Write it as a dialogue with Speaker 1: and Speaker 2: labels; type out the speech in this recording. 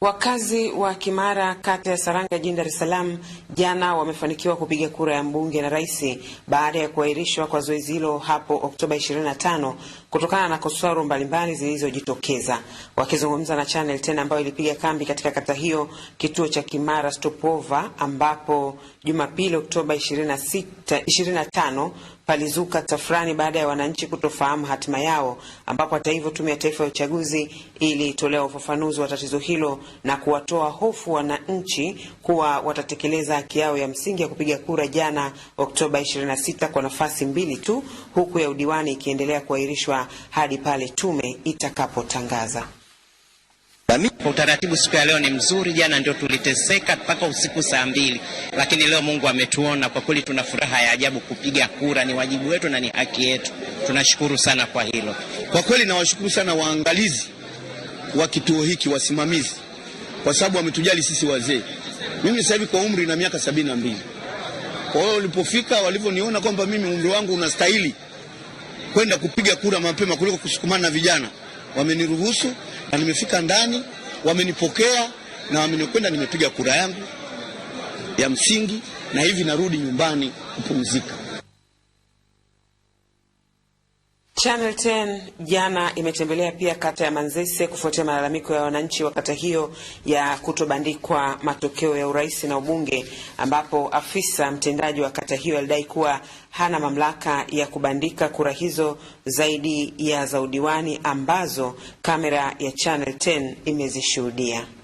Speaker 1: Wakazi wa Kimara kata ya Saranga jijini Dar es Salaam jana wamefanikiwa kupiga kura ya mbunge na rais baada ya kuahirishwa kwa zoezi hilo hapo Oktoba 25 kutokana na kosoro mbalimbali zilizojitokeza. Wakizungumza na Channel 10 ambayo ilipiga kambi katika kata hiyo, kituo cha Kimara Stopova, ambapo Jumapili Oktoba 26, 25 palizuka tafrani baada ya wananchi kutofahamu hatima yao, ambapo hata hivyo Tume ya Taifa ya Uchaguzi ilitolewa ufafanuzi wa tatizo hilo na kuwatoa hofu wananchi kuwa watatekeleza haki yao ya msingi ya kupiga kura jana Oktoba 26 kwa nafasi mbili tu, huku ya udiwani ikiendelea kuahirishwa hadi pale tume itakapotangaza
Speaker 2: jamii. Kwa utaratibu siku ya leo ni mzuri, jana ndio tuliteseka mpaka usiku saa mbili, lakini leo Mungu ametuona. Kwa kweli tuna furaha ya ajabu. Kupiga kura ni wajibu wetu na ni haki yetu, tunashukuru sana kwa hilo.
Speaker 3: Kwa kweli nawashukuru sana waangalizi wa kituo hiki, wasimamizi, kwa sababu wametujali sisi wazee. Mimi sasa hivi kwa umri na miaka sabini na mbili. Kwa hiyo walipofika, walivyoniona kwamba mimi umri wangu unastahili kwenda kupiga kura mapema kuliko kusukumana na vijana, wameniruhusu na nimefika ndani, wamenipokea na wamenikwenda, nimepiga kura yangu ya msingi na hivi narudi nyumbani kupumzika.
Speaker 1: Channel 10 jana imetembelea pia kata ya Manzese kufuatia malalamiko ya wananchi wa kata hiyo ya kutobandikwa matokeo ya urais na ubunge, ambapo afisa mtendaji wa kata hiyo alidai kuwa hana mamlaka ya kubandika kura hizo zaidi ya za udiwani ambazo kamera ya Channel 10 imezishuhudia.